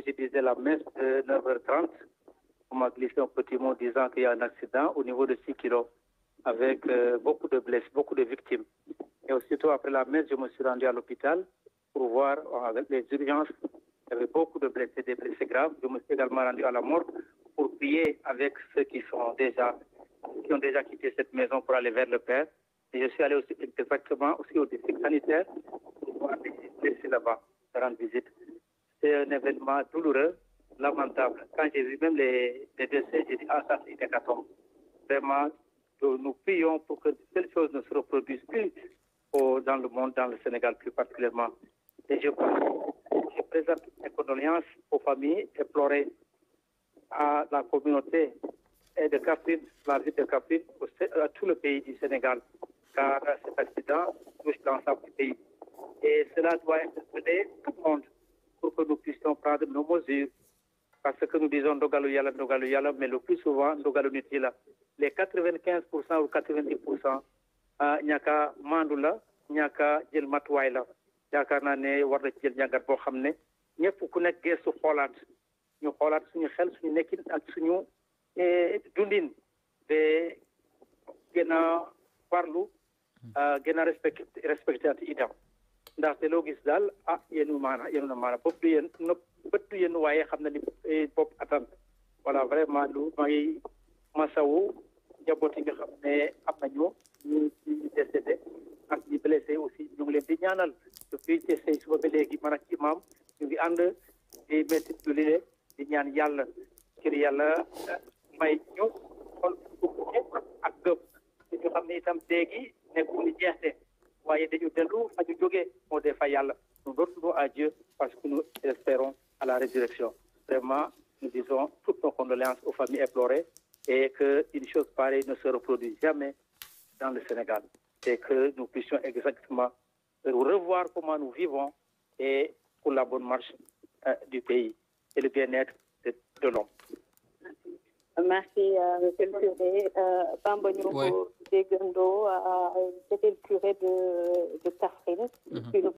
je disais la messe de 9h30. On m'a glissé un petit mot disant qu'il y a un accident au niveau de 6 kilos avec euh, beaucoup de blessés, beaucoup de victimes. Et aussitôt après la messe, je me suis rendu à l'hôpital pour voir euh, avec les urgences. Il y avait beaucoup de blessés, des blessés graves. Je me suis également rendu à la mort pour prier avec ceux qui sont déjà qui ont déjà quitté cette maison pour aller vers le Père. Et je suis allé aussi exactement aussi au district sanitaire pour voir là-bas, rendre visite c'est un événement douloureux, lamentable. Quand j'ai vu même les, décès, j'ai dit, ah, ça, c'est hécatombe. Vraiment, nous prions pour que telles choses ne se reproduisent plus dans le monde, dans le Sénégal plus particulièrement. Et je, présente mes condoléances aux familles pleurer à la communauté et de Capri, la ville de Capri, euh, à tout le pays du Sénégal, car euh, cet accident touche l'ensemble du pays. Et cela doit être tout le monde que nous puissions prendre nos mesures. Parce que nous disons Ndogalu Yala, Ndogalu Yala, mais le plus souvent, Ndogalu Nutila. Les 95% ou 90%, Nyaka Mandula, Nyaka Djel Matwaila, Nyaka Nane, Warne Djel Nyagar Bohamne, ñëpp ku nekk geesu xoolaat ñu xoolaat suñu xel suñu nekkin ak suñu eh, dundin de gën a farlu ah, gën a nous respectons at itam ndaxte loo gis daal ah, a yéenu maana yéenu na maana bopp du yéen nopp waaye xam na ni eh, bopp attan voilà vraiment lu masawu njaboot xam ne am nañu ñu ci décédé ak ñi blessé aussi ñu ngi leen di ñaanal depuis te say suba ba léegi man ak imaam ñu ngi ànd di métti lu ñaan yàlla kër yàlla eh, may ñu xol bu ak gëm ñu xam ne itam léegi nekkul jeexte nous retournons à Dieu parce que nous espérons à la résurrection vraiment nous disons toutes nos condoléances aux familles éplorées et que une chose pareille ne se reproduise jamais dans le Sénégal et que nous puissions exactement revoir comment nous vivons et pour la bonne marche euh, du pays et le bien-être de l'homme. Merci, euh, monsieur le curé. Euh, Bambonio Gundo, euh, euh, C'était le curé de, de mhm.